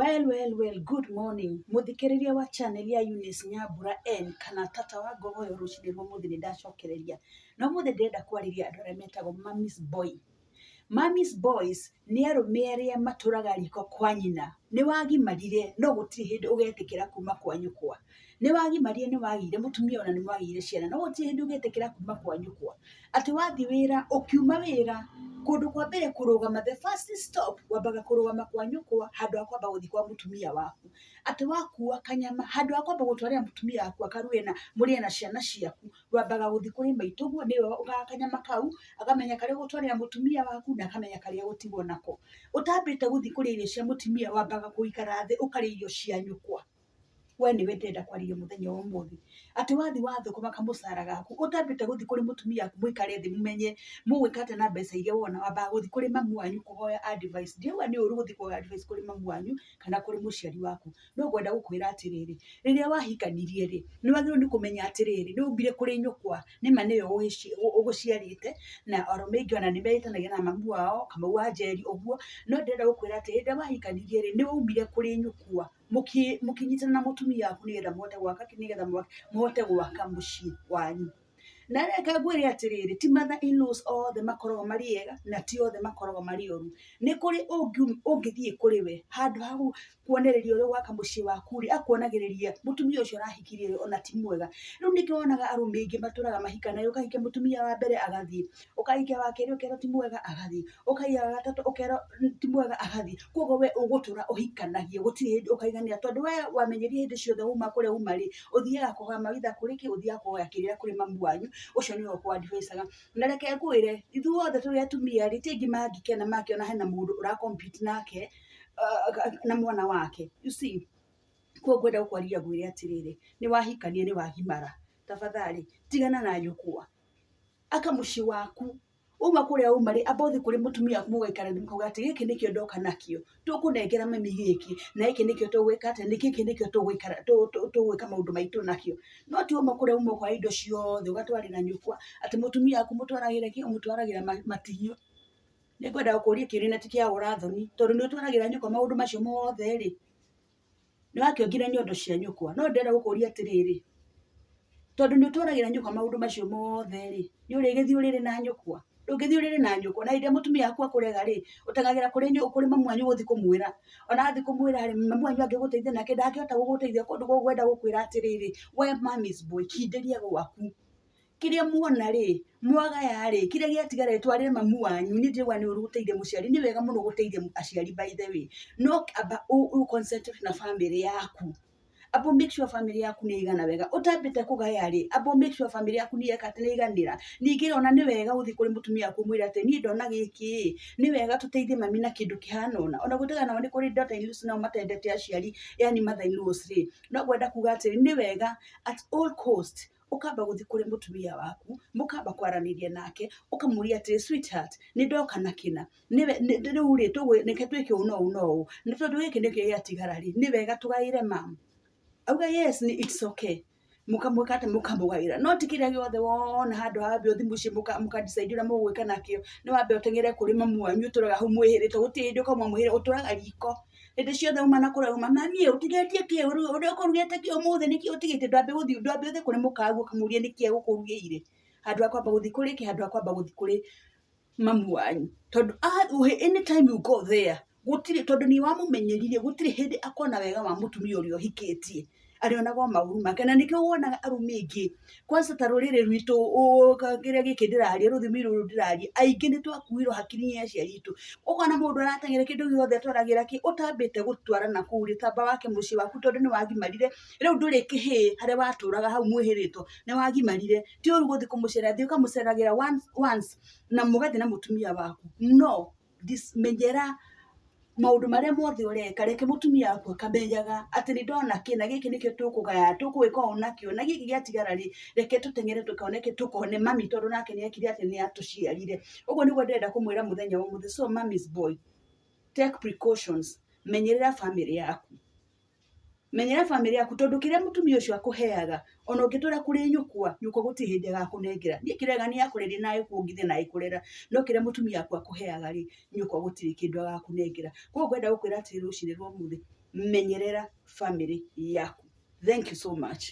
Well, well, well, good morning muthikiriria wa channel ya Eunice Nyambura N kana tata wa ngogo yo rucinä rwo må ni nä ndacokereria no må thä ndärenda kwarä andå arä a metagwo mamis boy mamis boys ni arå mä arä a matå riko kwa nyina nä wagimarire no gå tirä hä ndä å kuma kwa nyå Ni wagimarire nä wagire må tumia ona nä mwagire ciana no gå tirä hä ndä å getä kä ra kuma kwa nyå Ati atä wathi wä ra å kundu kwa mbere kurugama the first stop wambaga kurugama kwa nyukwa handu akwamba guthii kwa mutumia waku ati wakua kanyama handu akwamba gutwarira mutumia waku akaruge na murie na ciana ciaku wambaga guthii kuri maituguo niwe ugaga kanyama kau akamenya karia gutwarira mutumia waku na akamenya karia gutigwo nako utambite guthii kuria irio cia mutumia wambaga kuikara thi ukari irio cia nyukwa we ni wendenda kwaria må thenya å ati thä wathi wathå kå maka må cara gaku å tambä gå thiä kå rä må tumia kate na mbeca iria wona wambaga guthi kuri mamu wanyu kå hoya ndiauga nä å rä gå advice kuri mamu wanyu kana kuri rä waku no ngwenda gukwira atiriri ra wahikanirie ri ni wagä rwo kumenya atiriri menya atä kuri nyukwa ni å ma nä yo å gå na oro mä ngä ona nä meätanagia na mamu wao kama wa njeri å no ndenda gukwira atiriri kwä wahikanirie ri ni waumire kuri nyukwa mukinyitana na mutumia waku nigetha muhote gwaka muhote gwaka muciĩ wanyu na reke ngwire atiriri ti matha in-laws othe makoragwo mari ega na ti othe makoragwo mari oru ni kuri ungithii kuri we handu ha kuonereria uria gwaka mucii waku ri akuonagiriria mutumia ucio arahikirie ona ti mwega riu ningä wonaga arume aingi maturaga mahikana ukahikia mutumia wa mbere agathii ukahikia wa keri ukerwo ti mwega agathii ukahikia wa gatatu ukerwo ti mwega agathii kuogo we ugutura uhikanagie gutiri hindi ukaigania tondu we wamenyeria hindi ciothe uma kuria uma ri uthiaga kuhoya mawitha kuri ki uthiaga kuhoya kirira kuri mamu wanyu ucio ni ukwadvisaga na reke ngwire ithuothe turi atumia ri kena make ona hena mundu compete nake uh, na mwana wake you see kuo ngwenda gukwaria ngwire atiriri ni wahikania ni wagimara tafadhali tigana na yokuwa aka mushi waku uma kuria uma ri abothi kuri mutumia mugaikara thi mukauga ati giki nikio ndoka nakio tukunengera mami giki na giki nikio tugwika ati ni giki nikio tugwikara tugwika maundu maitu nakio no ti uma kuria uma kwa indo ciothe ugatwarira nyukwa ati mutumia aku mutwaragira ki mutwaragira matigio nä ngwenda gå kå ria kä na ti kä aårathoni tondå nä å twaragä ra nyåkwa maå ndå macio mothe rä nä wakäongire nyondo cia nyåkwa no ndärenda gå kå ria atä rä rä tondå nä å twaragä ra nyåkwa maå ndå macio mothe rä nä å rä gä thiä å rä rä na nyåkwa ndungithii urire na nyuko na iria mutumia aku akurega ri utangagira kuri nyu kuri mamu anyu guthi kumwira ona athi kumwira ri mamu anyu angiguteithia nake ndangihota guguteithia kundu gwenda gukwira atiriri we mamis boy kinderia gwaku kiria muona ri mwagaya ri kiria giatigara itwarire mamu wanyu ni ndirwa ni uruteithie muciari ni wega muno guteithia aciari by the way no aba u concentrate na family yaku abo make sure family yaku ni igana wega utambite kugaya ri abo make sure family yaku ni yakate ni iganira ningire ona ni wega uthi kuri mutumia aku mwira ati ni ndona giki ni wega tuteithie mami na kindu kihana ona ona gutigana nao ni kuri data ilus na matendete aciari yani mother in laws ri no gwenda kuga ati ni wega at all cost ukamba guthi kuri mutumia waku mukamba kwaranirie nake ukamuria ati sweetheart ni ndoka na kina ni ri uri neke ni kä å uno å no å nä tondå gä kä nä kä wega tugaire mama auga yes ni it's okay mukamwika atä mukamugayira no ti kiria giothe wona handu hambe uthi muci mukadicaidi uria mugwika nakio ni wambe utengere kuri mamu wanyu uturaga hau mwihirite gutirä ndi ah, ukauma mwihire uturaga riko hä ciothe uma na kå mami utigetie kä å rä a kå rugä te kä å må thä nä kä å tigä kå rä må kagu å kamuria nä kä egå kå rugä ire handå ha kwamba gå thiä kå rä kä handå ha kwamba gå thiä kå rä mamu you go there gutire tondu ni wamumenyereire gutire hindi akona wega wa mutumia uria uhikitie arionaga mauru make na nikio wona arumi aingi kwanza ta ruriri rwitu kiria giki ndiraria ruthimi ruru ndirari aingi ni twakuiro hakiri ya aciari itu ukona mundu arateng'era kindu giothe twaragira ki utambite gutwara na kuri tamba wake mucii waku tondu ni wagimarire riu nduri kihi haria waturaga hau mwihirito ni wagimarire ti uru guthi kumucera thi ukamuceragira once once na mugathi na mutumia waku no this menyera maundu maria mothe ureka reke mutumia waku akamenyaga ati ni ndona kina giki nikio tukugaya tugwika uu nakio na giki giatigara ri reke tutengere tukaoneke tukone mami tondu nake akiri ati ni atuciarire uguo niguo ndirenda kumwira muthenya muthe so mami's boy take precautions menyerera family yaku menyera bamĩrĩ yaku tondũ kĩrĩa mũtumia ũcio akũheaga ona ũngĩtũra kũrĩ nyũkwa nyũkwa gũtirĩ hĩndĩ agakũnengera niĩ kĩrĩa nĩ akũrĩrĩ nawe kuongithia na kũrera no kĩrĩa mũtumia waku akũheaga rĩ nyũkwa gũtirĩ kĩndũ agakũnengera koguo ngwenda gũkwĩra atĩrĩ rũcinĩ rwa ũmũthĩ menyerera bamĩrĩ yaku thank you so much